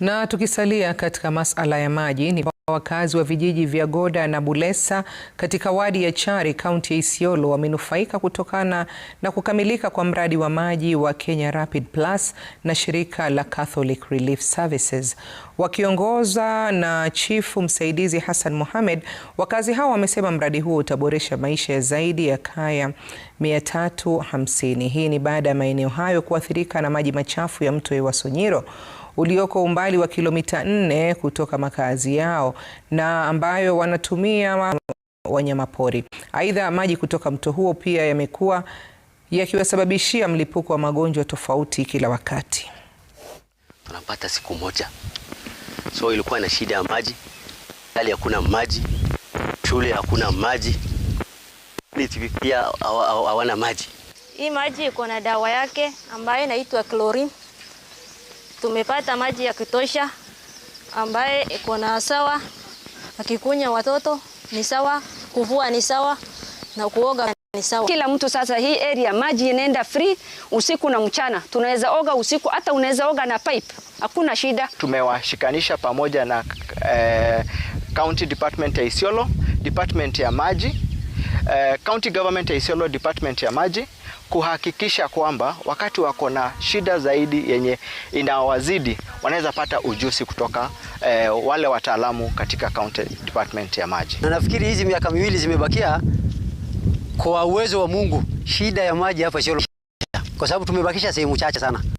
Na tukisalia katika masala ya maji ni wakazi wa vijiji vya Goda na Bulesa katika wadi ya Chari kaunti ya Isiolo wamenufaika kutokana na kukamilika kwa mradi wa maji wa Kenya Rapid Plus na shirika la Catholic Relief Services. Wakiongoza na chifu msaidizi Hassan Mohamed, wakazi hao wamesema mradi huo utaboresha maisha ya zaidi ya kaya 350. Hii ni baada ya maeneo hayo kuathirika na maji machafu ya mto Ewasonyiro ulioko umbali wa kilomita nne kutoka makazi yao na ambayo wanatumia wanyamapori. Aidha, maji kutoka mto huo pia yamekuwa yakiwasababishia mlipuko wa magonjwa tofauti kila wakati. Tunapata siku moja, so ilikuwa na shida ya maji, hali hakuna maji, shule hakuna maji, pia hawana maji. Hii maji iko na dawa yake ambayo inaitwa chlorine tumepata maji ya kutosha ambaye iko na sawa, akikunya watoto ni sawa, kuvua ni sawa na kuoga ni sawa. Kila mtu sasa, hii area maji inaenda free usiku na mchana, tunaweza oga usiku, hata unaweza oga na pipe, hakuna shida. Tumewashikanisha pamoja na eh, County Department ya Isiolo, Department ya maji eh, county government ya Isiolo department ya maji kuhakikisha kwamba wakati wako na shida zaidi yenye inawazidi wanaweza pata ujuzi kutoka eh, wale wataalamu katika county department ya maji. Na nafikiri hizi miaka miwili zimebakia, kwa uwezo wa Mungu, shida ya maji hapa Isiolo, kwa sababu tumebakisha sehemu chache sana.